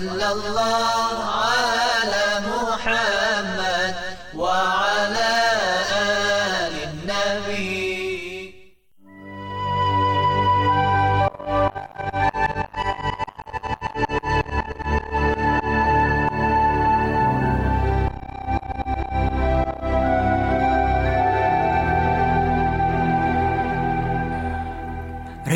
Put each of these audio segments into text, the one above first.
صلى الله على محمد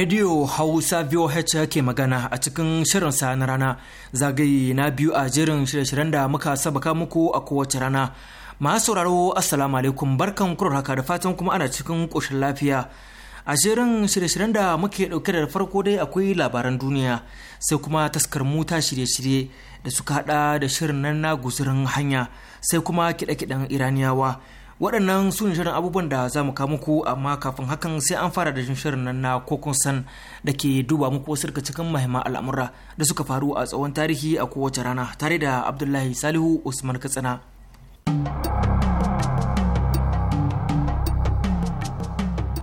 Radio Hausa VOH ke magana a cikin shirin sa na rana zagaye na biyu a jerin shirye-shiryen da muka sabaka muku a kowace rana. Masu sauraro Assalamu alaikum barkan haka da fatan kuma ana cikin ƙoshin lafiya. A jerin shirye-shiryen da muke ɗauke da farko dai akwai labaran duniya sai kuma taskar mota shirye-shirye da suka haɗa da shirin nan na hanya sai kuma kiɗe-kiɗen Iraniyawa. waɗannan su ne shirin abubuwan da za mu kawo muku amma kafin hakan sai an fara da jin shirin nan na kokon san da ke duba muku wasu daga cikin mahimman al'amura da suka faru a tsawon tarihi a kowace rana tare da abdullahi salihu usman katsina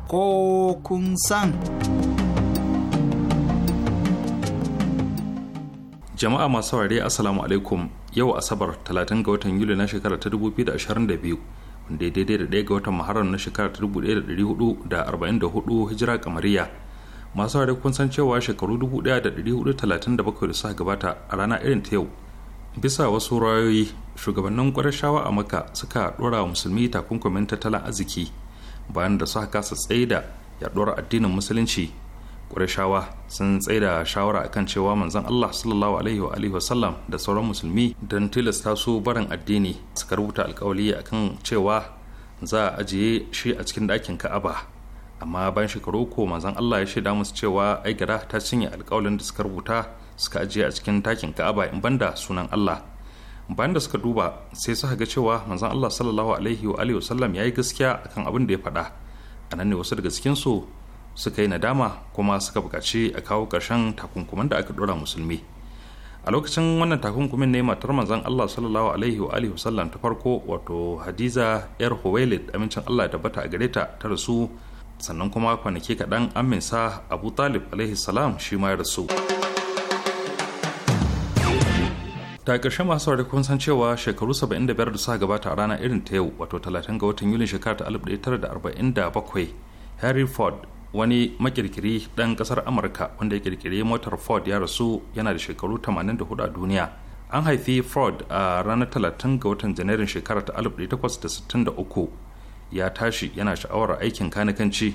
kokun san jama'a masu saurare assalamu alaikum yau asabar 30 ga watan yuli na shekara ta 2022 wanda ya daidai da ɗaya ga watan maharar na shekarar 1444 hijira kamariya masu hare kun san cewa shekaru 1437 da suka gabata a rana irin ta yau bisa wasu rayoyi shugabannin ƙwarashawa a maka suka ɗora wa musulmi takunkumin tattalin arziki bayan da suka kasa da yaɗuwar addinin musulunci ƙurashawa sun tsaida shawara akan cewa manzon Allah sallallahu alaihi wa alihi wasallam da sauran musulmi don tilasta su barin addini suka rubuta alkawali akan cewa za a ajiye shi a cikin ɗakin Ka'aba amma bayan shekaru ko manzon Allah ya shaida musu cewa ai gara ta cinye alkawalin da suka rubuta suka ajiye a cikin ɗakin Ka'aba in banda sunan Allah bayan da suka duba sai suka ga cewa manzon Allah sallallahu alaihi wa alihi wasallam yayi gaskiya akan abin da ya faɗa anan ne wasu daga cikin su suka yi nadama kuma suka buƙaci a kawo ƙarshen takunkuman da aka ɗora musulmi a lokacin wannan takunkumin ne matar manzon Allah sallallahu alaihi wa alihi wasallam ta farko wato Hadiza yar Huwailid amincin Allah da bata a gare ta ta rasu sannan kuma kwanaki kaɗan aminsa Abu Talib alaihi salam shi ma ya rasu ta ƙarshe masu saurari kun san cewa shekaru 75 da suka gabata a ranar irin ta yau wato 30 ga watan Yulin shekara ta 1947 Harry Ford wani makirkiri ɗan ƙasar amurka wanda ya kirkiri motar ford ya rasu yana da shekaru 84 a duniya an haifi ford a ranar 30 ga watan janairun shekarar ta 1863 ya tashi yana sha'awar aikin kanikanci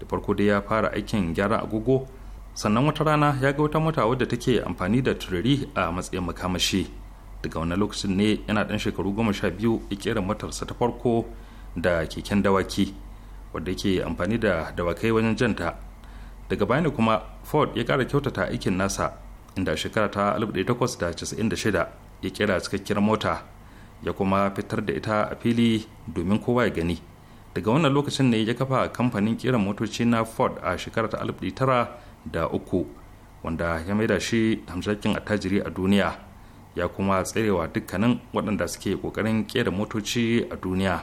da farko dai ya fara aikin gyara agogo sannan wata rana ya ga wata mota wadda take amfani da turiri a matsayin makamashi daga wani lokacin ne yana ɗan shekaru goma sha biyu ya kera motarsa ta farko da keken dawaki wadda ke amfani da dawakai wajen janta daga bayani kuma ford ya kara kyautata aikin nasa inda shekara ta 1896 ya kera cikakkiyar mota ya kuma fitar da ita a fili domin kowa ya gani daga wannan lokacin ne ya kafa kamfanin kiran motoci na ford a shekara ta 1903 wanda ya maida shi hamshakin attajiri a duniya ya kuma tserewa dukkanin waɗanda suke ƙoƙarin kera motoci a duniya.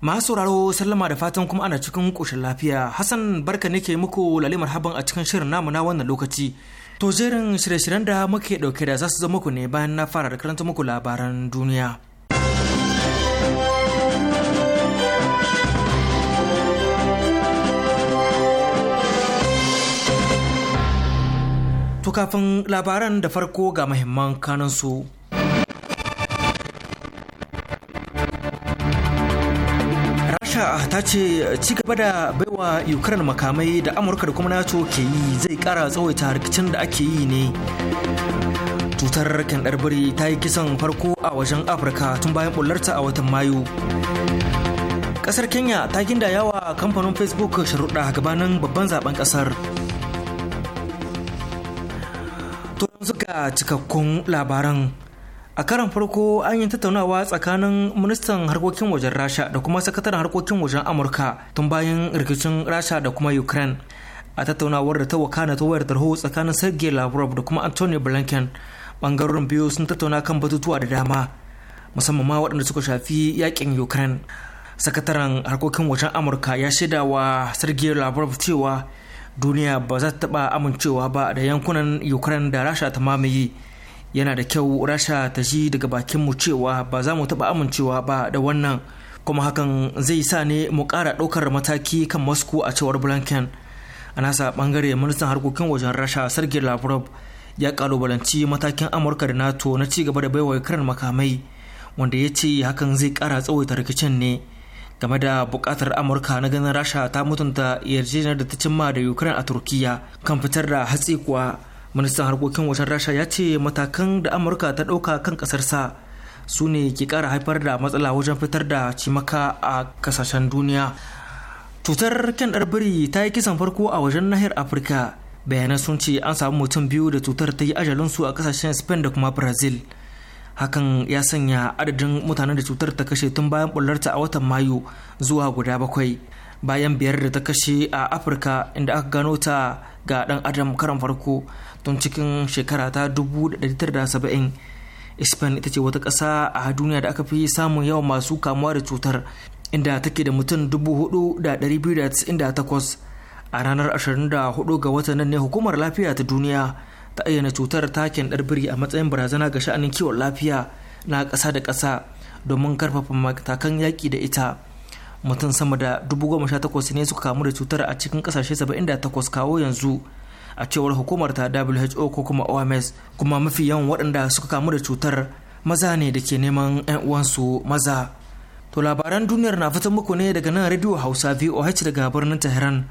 Masu sauraro sallama da fatan kuma ana cikin ƙoshin lafiya. Hassan barka nake muku lalimar haban a cikin shirin namu na wannan lokaci. To jerin shirye-shiryen da muke ɗauke da za su zama ku ne bayan na fara da karanta muku labaran duniya. To kafin labaran da farko ga mahimman kanansu. amurka ta ce ci gaba da baiwa ukraine makamai da amurka da kuma nato ke yi zai kara tsawaita rikicin da ake yi ne cutar kyandar biri ta yi kisan farko a wajen afirka tun bayan bullarta a watan mayu kasar kenya ta ginda yawa kamfanin facebook sharuɗa gabanin babban zaben kasar to suka cikakkun labaran a karan farko an yi tattaunawa tsakanin ministan harkokin wajen rasha da kuma sakataren harkokin wajen amurka tun bayan rikicin rasha da kuma ukraine a tattaunawar da ta wakana ta wayar tarho tsakanin sergei lavrov da kuma anthony blinken bangarorin biyu sun tattauna kan batutuwa da dama musamman ma waɗanda suka shafi yakin ukraine sakataren harkokin wajen amurka ya shaida wa sergei lavrov cewa duniya ba za ta taɓa amincewa ba da yankunan ukraine da rasha ta mamaye yana da kyau rasha ta ji daga bakin mu cewa ba za mu taɓa amincewa ba da wannan kuma hakan zai sa ne mu ƙara ɗaukar mataki kan moscow a cewar blanken a nasa ɓangare ministan harkokin wajen rasha sergei lavrov ya ƙalubalanci matakin amurka da nato na ci gaba da baiwa ukraine makamai wanda ya ce hakan zai ƙara tsawaita rikicin ne game da buƙatar amurka na ganin rasha ta mutunta yarjejeniyar da ta cimma da ukraine a turkiya kan fitar da hatsi kuwa ministan harkokin wajen rasha ya ce matakan da amurka ta ɗauka kan ƙasarsa su ne ke kara haifar da matsala wajen fitar da cimaka a kasashen duniya cutar kyan biri ta yi kisan farko a wajen nahiyar afirka bayanan sun ce an samu mutum biyu da cutar ta yi ajalinsu a kasashen spain da kuma brazil hakan ya sanya adadin mutanen da cutar ta kashe tun bayan bullarta a watan mayu zuwa guda bakwai bayan biyar da ta kashe a afirka inda aka gano ta ga dan adam karan farko tun cikin shekara ta 1970 spain ita ce wata ƙasa a duniya da aka fi samun yawan masu kamuwa da cutar inda take da mutum 4,298 a ranar 24 ga watan ne hukumar lafiya ta duniya ta ayyana cutar takin ɗarbiri a matsayin barazana ga sha'anin kiwon lafiya na ƙasa da ƙasa domin karfafa matakan yaƙi da ita mutum sama da 18,000 ne suka kamu da cutar a cikin kasashe 78 kawo yanzu a cewar hukumar ta who ko kuma oms kuma mafi yawan waɗanda suka kamu da cutar maza ne da ke neman 'yan uwansu maza to labaran duniyar na fitan muku ne daga nan radio hausa voh daga birnin tehran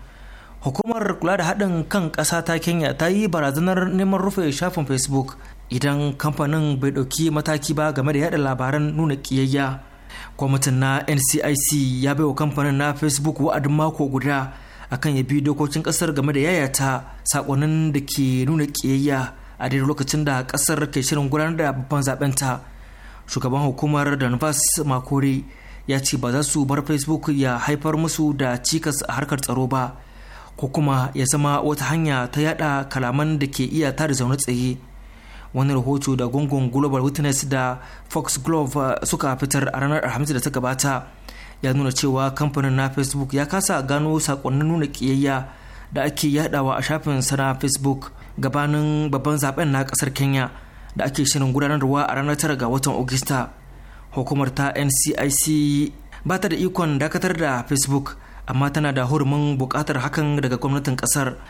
hukumar kula da haɗin kan ƙasa ta kenya ta yi barazanar neman rufe shafin facebook idan kamfanin bai ɗauki mataki ba game da yaɗa labaran nuna ƙiyayya kwamitin na ncic ya baiwa kamfanin na facebook wa'adin mako guda akan ya bi dokokin kasar game da yayata sakonnin da ke nuna kiyayya a daidai lokacin da kasar ke shirin gudanar da babban zaben ta shugaban hukumar danvas makore ya ce ba za su bar facebook ya haifar musu da cikas a harkar tsaro ba ko kuma ya zama wata hanya ta yada kalaman da ke iya tada zaune tsaye wani rahoto da gungun global witness da fox glove uh, suka fitar a ranar alhamis da ta gabata ya nuna cewa kamfanin na facebook ya kasa gano sakonnin nuna kiyayya da ake yadawa a shafin sana facebook gabanin babban zaben na kasar kenya da ake shirin gudanarwa a ranar tara ga watan augusta hukumar ta ncic ba ta da ikon dakatar da facebook amma tana da hurumin bukatar hakan daga gwamnatin kasar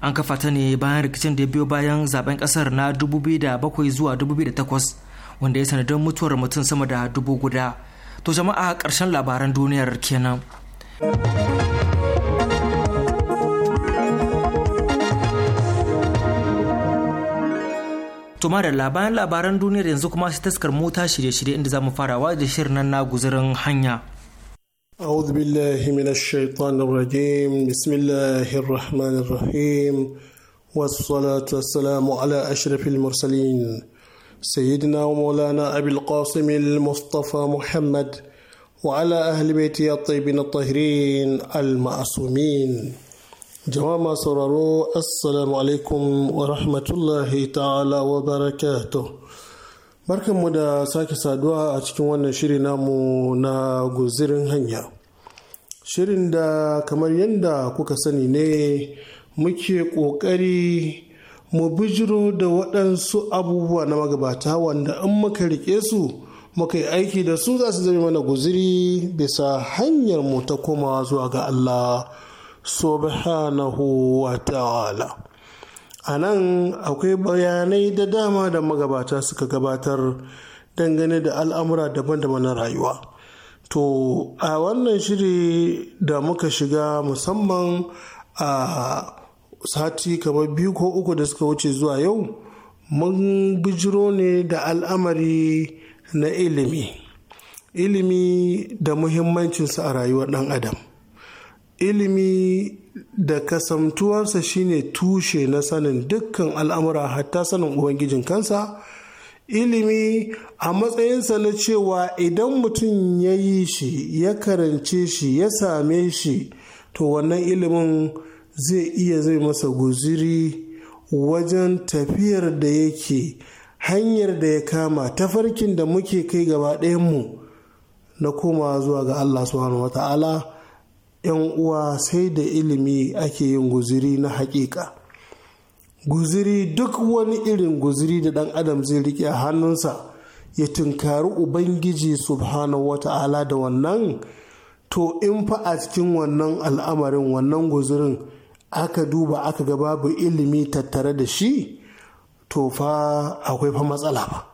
an kafa ta ne bayan rikicin da ya biyo bayan zaben kasar na 2007 zuwa 2008 wanda ya sanadin mutuwar mutum sama da dubu guda to jama'a ƙarshen labaran duniyar kenan tuma da labaran labaran duniyar yanzu kuma sai taskar mota shirye-shirye inda za mu farawa da shirin nan na guzurin hanya أعوذ بالله من الشيطان الرجيم بسم الله الرحمن الرحيم والصلاة والسلام على أشرف المرسلين سيدنا ومولانا أبي القاسم المصطفى محمد وعلى أهل بيته الطيبين الطاهرين المعصومين جماعة سرروا السلام عليكم ورحمة الله تعالى وبركاته Barkanmu da sake saduwa a cikin wannan shiri namu na guzirin hanya. Shirin da kamar yadda kuka sani ne muke ƙoƙari mu bijiro da waɗansu abubuwa na magabata wanda in muka riƙe su muka yi aiki da su za su zama mana guziri bisa hanyar mu ta komawa zuwa ga Allah subhanahu wa ta'ala. a nan akwai bayanai da dama da magabata suka gabatar dangane da al'amura daban-daban na rayuwa to a wannan shiri da muka shiga musamman a sati kamar biyu ko uku da suka wuce zuwa yau mun bijiro ne da al'amari na ilimi ilimi da muhimmancinsa a rayuwar ɗan adam ilimi da kasamtuwarsa shine tushe na sanin dukkan al'amura hatta sanin ubangijin kansa ilimi a matsayinsa na cewa idan mutum ya yi shi ya karance shi ya same shi to wannan ilimin zai iya zai masa guziri wajen tafiyar da yake hanyar da ya kama tafarkin da muke kai gaba mu na koma zuwa ga allah subhanahu wa ta'ala 'yan uwa sai da ilimi ake yin guziri na hakika guziri duk wani irin guziri da dan adam zai rike a hannunsa ya tunkari ubangiji subhanahu ta'ala da wannan to in fa a cikin wannan al'amarin wannan guzirin aka duba aka ga babu ilimi tattare da shi to fa akwai fa matsala ba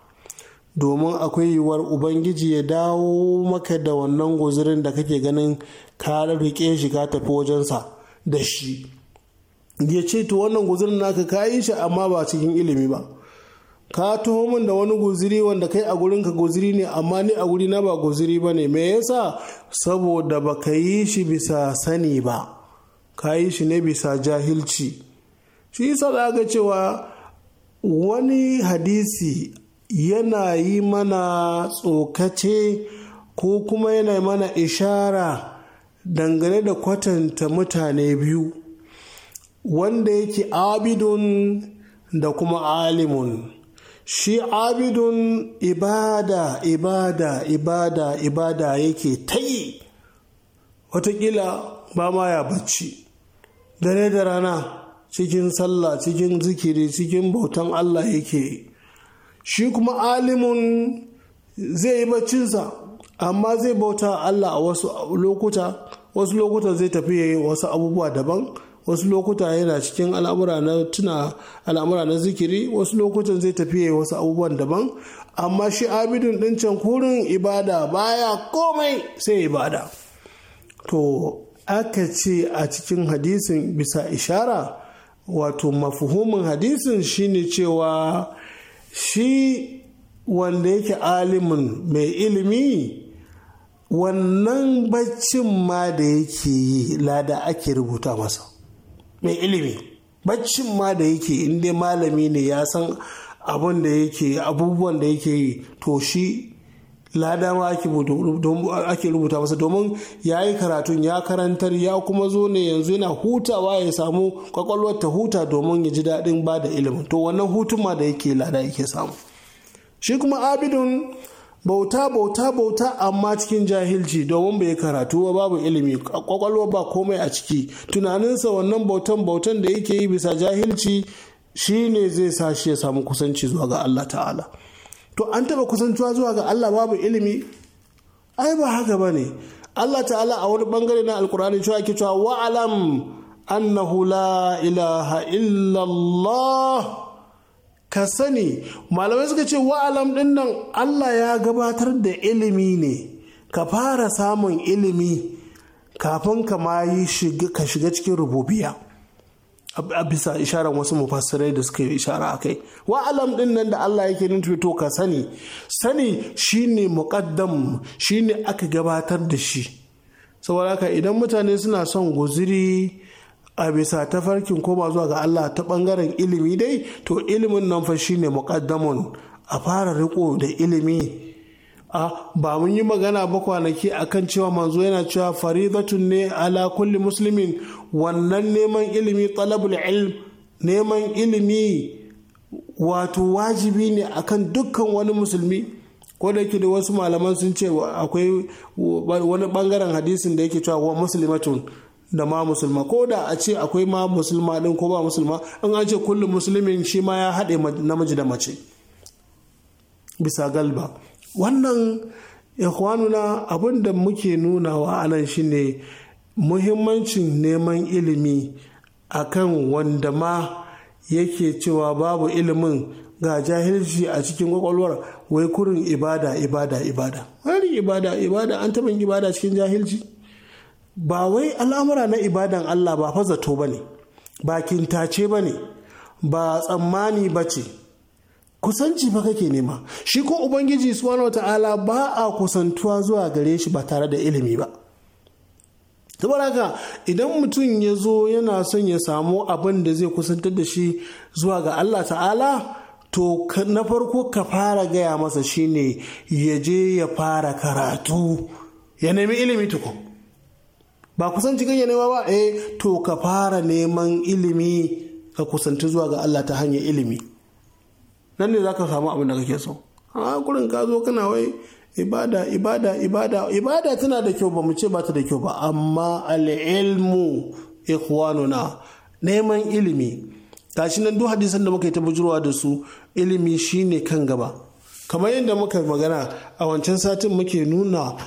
domin akwai yiwuwar ubangiji ya dawo maka da wannan guzirin da kake ganin ta rike shi ka tafi wajensa da shi ya ce to wannan guzurin naka ka yi shi amma ba cikin ilimi ba ka taho min da wani guziri wanda kai a gurinka guziri ne amma ni a guri na ba guziri ba ne me yasa saboda ba ka yi shi bisa sani ba ka yi shi ne bisa jahilci shi yasa za ga cewa wani hadisi yana yi mana tsokace ko kuma yana mana ishara dangane da kwatanta mutane biyu wanda yake abidun da kuma alimun shi abidun ibada ibada ibada ibada yake ta yi watakila ba ma ya bacci dare da rana cikin sallah cikin zikiri cikin bautan Allah yake shi kuma alimun zai yi baccinsa amma zai bauta Allah a wasu lokuta wasu lokuta zai tafi wasu abubuwa daban wasu lokuta yana cikin al'amura na tuna al'amura na zikiri wasu lokutan zai tafi wasu abubuwan daban amma shi abidun din can kurin ibada baya komai sai ibada to aka ce a cikin hadisin bisa ishara wato mafuhumin hadisin shine cewa shi wanda yake alimin mai ilimi wannan baccin ma da yake yi lada ake rubuta masa mai ilimi baccin ma da yake inda malami ne ya san abin da yake abubuwan da yake yi to shi lada ma ake rubuta masa domin ya yi karatun ya karantar ya kuma zo ne yanzu yana hutawa ya samu kwakwalwar ta huta domin ya ji daɗin ba da ilimin to wannan hutun ma da yake lada yake samu shi kuma abidun bauta bauta bauta amma cikin jahilci domin bai karatu ba babu ilimi kwakwalwa ba komai a ciki tunaninsa wannan bautan bautan da yake yi bisa jahilci shine zai sa shi ya samu kusanci zuwa ga Allah ta'ala to an taba kusancewa zuwa ga Allah babu ilimi ai ba haka ba ne Allah ta'ala a wani bangare na alkurani cewa ke cewa wa'alam annahu la ilaha illallah ka sani malamai suka ce wa'alam din nan Allah ya gabatar da ilimi ne ka fara samun ilimi kafin ka ma yi ka shiga cikin rububiya a bisa isharar wasu mufassirai da suka yi ishara a kai wa'alam din nan da Allah yake nin to ka sani sani shine muqaddam shine aka gabatar da shi saboda haka idan mutane suna son guziri a bisa tafarkin koma zuwa ga Allah ta bangaren ilimi dai to ilimin nan fa shine muqaddamun a fara riko da ilimi a ba mun yi magana ba kwanaki akan cewa manzo yana cewa faridatun ne ala kulli muslimin wannan neman ilimi talabul ilm neman ilimi wato wajibi ne akan dukkan wani musulmi ko da yake da wasu malaman sun ce akwai wani bangaren hadisin da yake cewa wa muslimatun da ma musulma ko da a ce akwai ma musulma din ko ba musulma in an ce kullum musulmin shi ma ya haɗe namiji da mace bisa galba wannan ikhwanuna abin da muke nunawa a nan shine muhimmancin neman ilimi akan wanda ma yake cewa babu ilimin ga jahilci a cikin kwakwalwar wai kurin ibada ibada ibada wani ibada ibada an taɓa ibada cikin jahilci ba wai al'amura na ibadan Allah ba fa zato ba ne ba kintace ba ne ba tsammani ba ce kusanci fa kake nema shi ko ubangiji subhanahu ta'ala ba a kusantuwa zuwa gare shi ba tare da ilimi ba saboda haka idan mutum ya zo yana son ya samu abin da zai kusantar da shi zuwa ga Allah ta'ala to na farko ka fara gaya masa shine ya je ya fara karatu ya nemi ilimi tukun ba kusanci kake nema ba eh to ka fara neman ilimi ka kusanci zuwa ga Allah ta hanyar ilimi nan ne zaka samu abin da kake so a kurin ka zo kana wai ibada ibada ibada ibada tana da kyau ba mu ce ba ta da kyau ba amma al-ilmu ikhwanuna neman ilimi gashi nan duk hadisan da muka yi ta bujurwa da su ilimi shine kan gaba kamar yadda muka magana a wancan satin muke nuna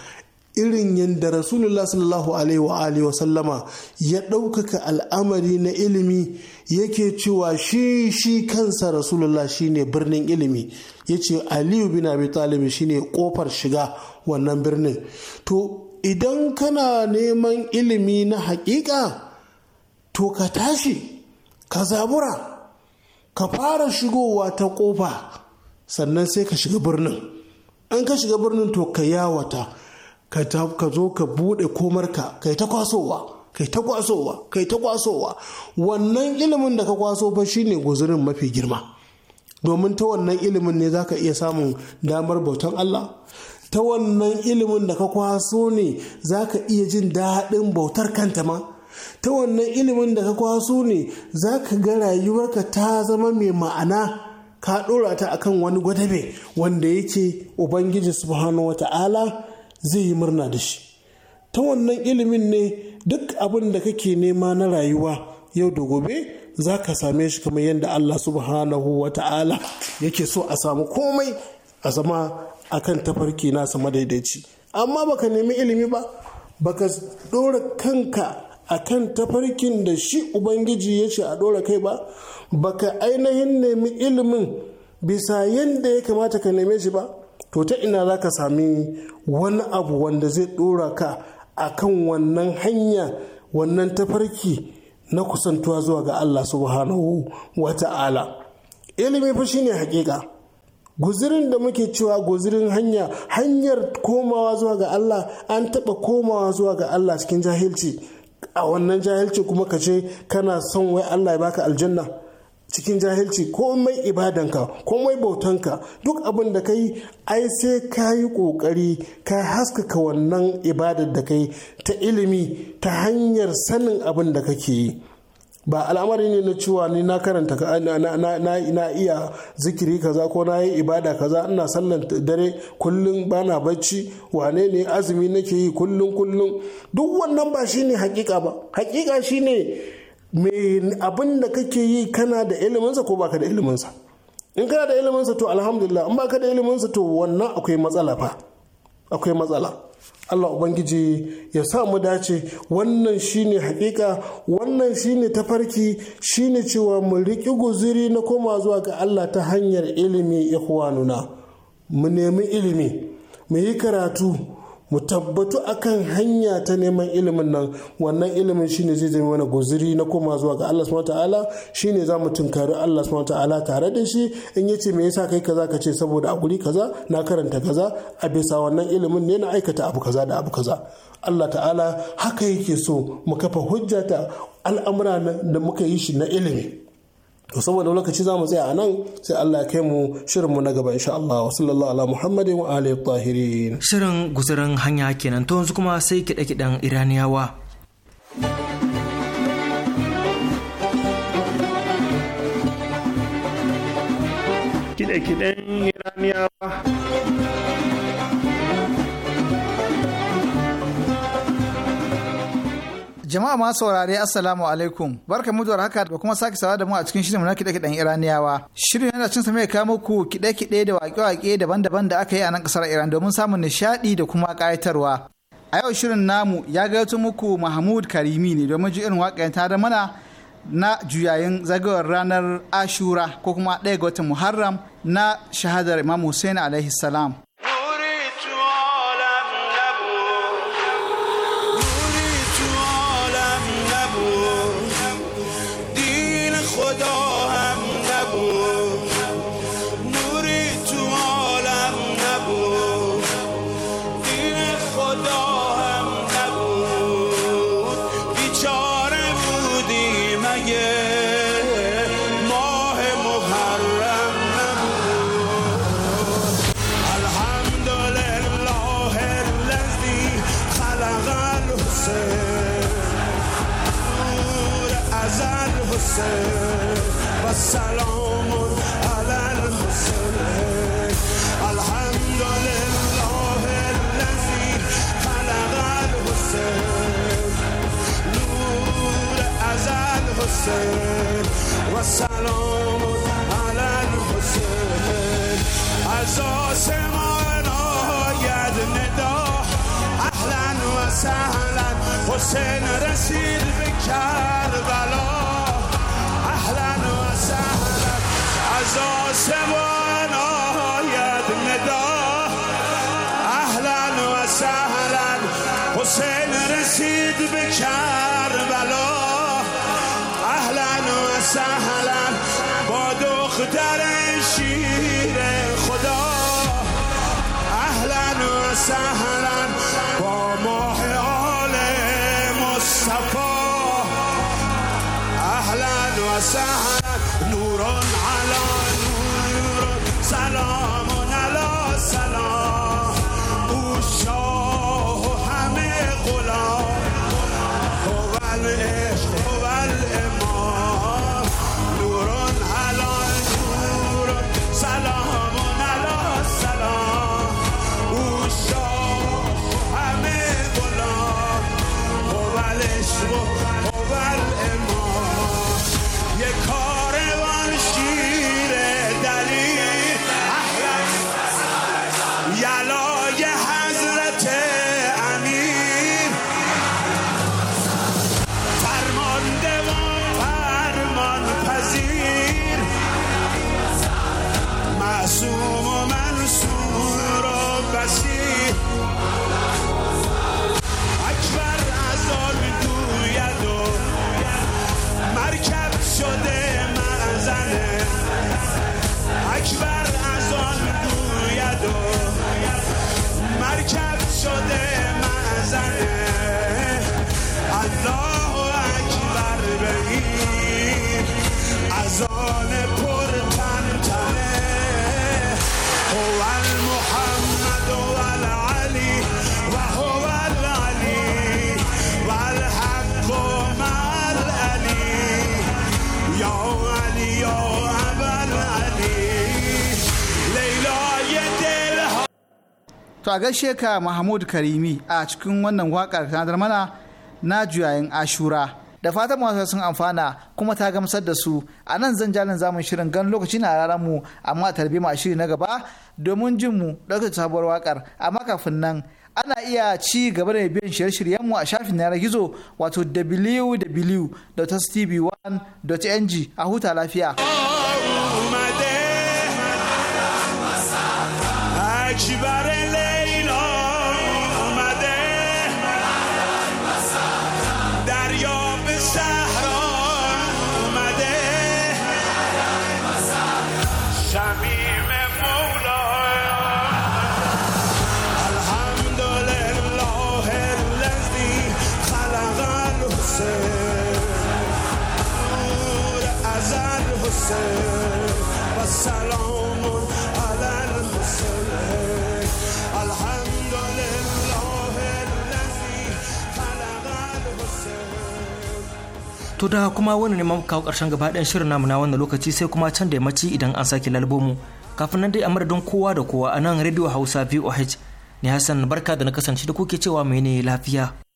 irin yadda rasulullah sallallahu alaihi wa sallama ya ɗaukaka al'amari na ilimi yake cewa shi shi kansa rasulullah shine birnin ilimi ya ce aliyu bin abi talib shine kofar shiga wannan birnin to idan kana neman ilimi na hakika to ka tashi ka zabura ka fara shigowa ta kofa sannan sai ka shiga birnin an ka shiga birnin to ka yawata ka zo ka buɗe komarka kai ta kwasowa kai ta kwasowa kai ta kwasowa wannan ilimin da ka kwaso fa shine guzurin mafi girma domin ta wannan ilimin ne za ka iya samun damar bautan Allah ta wannan ilimin da ka kwaso ne za ka iya jin daɗin bautar kanta ma ta wannan ilimin da ka kwaso ne za ka ga rayuwarka ta zama mai ma'ana ka ɗora ta akan wani gwadabe wanda yake ubangiji subhanahu wata'ala zai yi murna da shi ta wannan ilimin ne duk abin da kake nema na rayuwa yau da gobe za ka same shi kamar yadda Allah subhanahu wa ta'ala yake so a samu komai a zama a kan tafarki nasa madaidaici amma baka nemi ilimi ba baka ɗora kanka a kan tafarkin da shi ubangiji ya ce a ɗora kai ba baka ainihin nemi ilimin bisa yadda ya kamata ka neme shi ba to ta ina za ka sami wani abu wanda zai ɗora ka a kan wannan hanya wannan tafarki na kusantuwa zuwa ga Allah subhanahu wa ta'ala ilimi fa shine hakika guzirin da muke cewa guzirin hanya hanyar komawa zuwa ga Allah an taɓa komawa zuwa ga Allah cikin jahilci a wannan jahilci kuma ka ce kana son wai Allah ya baka aljanna cikin jahilci komai ibadanka komai bautanka duk abin da kai ai sai ka yi ƙoƙari ka haskaka wannan ibadar da kai ta ilimi ta hanyar sanin abin da kake yi ba al'amari ne na cewa ni na karanta ka na, iya zikiri kaza ko na yi ibada kaza ina sallan dare kullum bana bacci wane ne azumi nake yi kullum kullum duk wannan ba shine hakika ba hakika shine me abin da kake yi kana da iliminsa ko baka da iliminsa in kana da iliminsa to alhamdulillah in baka da iliminsa to wannan akwai matsala fa akwai matsala Allah Ubangiji ya sa mu dace wannan shine hakika wannan shine tafarki shine cewa mu riƙi guziri na koma zuwa ga Allah ta hanyar ilimi ikhwanuna mu nemi ilimi mu yi karatu mu tabbatu akan hanya ta neman ilimin nan wannan ilimin shine zai zama mana guziri na koma zuwa ga Allah subhanahu ta'ala shine za mu tunkari Allah subhanahu ta'ala tare da shi in ya ce me yasa kai kaza ka ce saboda a guri kaza na karanta kaza a bisa wannan ilimin ne na aikata abu kaza da abu kaza Allah ta'ala haka yake so mu kafa hujjata al'amura da muka yi shi na ilimi to saboda lokaci za mu tsaya a nan sai Allah ya kai mu shirin mu na gaba insha Allah wa sallallahu ala Muhammadin wa alihi tahirin shirin guzurin hanya kenan to yanzu kuma sai kiɗe-kiɗen Iraniyawa kiɗe-kiɗen Iraniyawa Jama'a ma saurare Assalamu alaikum. Barka mu da haka da kuma sake sawa da mu a cikin shirin na kiɗe kiɗen Iraniyawa. Shirin yana cin mai kawo muku kiɗe kiɗe da waƙe waƙe daban-daban da aka yi a nan kasar Iran domin samun nishaɗi da kuma ƙayatarwa. A yau shirin namu ya gaito muku Mahmud Karimi ne domin ji irin waƙen ta da mana na juyayin zagayowar ranar Ashura ko kuma ɗaya ga watan Muharram na shahadar Imam Hussein alaihi salam. الحسین و سلام علی الحسین از آسمان آید ندا اهلا و سهلا حسین رسید به کربلا اهلا و سهلا از آسمان آید ندا اهلا و سهلا حسین رسید به کربلا تو شیر خدا اهلا و to a gaishe ka mahmud karimi a cikin wannan waƙar tanadar mana na juyayin ashura da fatan masu sun amfana kuma ta gamsar da su a nan zan jalin zamun shirin gan lokaci na ranar mu amma tarbi ma shiri na gaba domin jin mu ɗaukar sabuwar waƙar amma kafin nan ana iya ci gaba da biyan shirye shiryen mu a shafin yanar gizo wato www.tv1.ng a huta lafiya. Acibare To da kuma wani ne kawo ƙarshen gaba ɗayan shirin namu na wannan lokaci sai kuma can da mace idan an sake lalbomu kafin nan dai a madadin kowa da kowa a nan rediyo Hausa VOH ne Hassan barka da na kasance da kuke cewa mene lafiya.